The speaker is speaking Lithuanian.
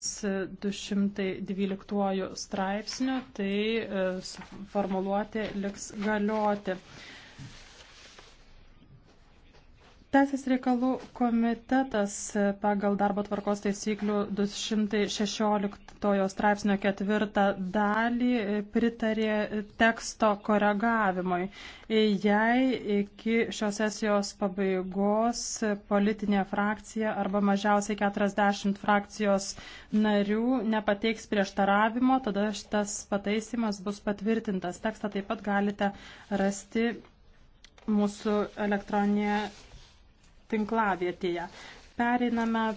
212 straipsniu, tai e, formuluoti liks galioti. Teisės reikalų komitetas pagal darbo tvarkos taisyklių 216 straipsnio ketvirtą dalį pritarė teksto koregavimui. Jei iki šios sesijos pabaigos politinė frakcija arba mažiausiai 40 frakcijos narių nepateiks prieštaravimo, tada šitas pataisimas bus patvirtintas. Tekstą taip pat galite rasti mūsų elektroninėje tinklavietėje. Periname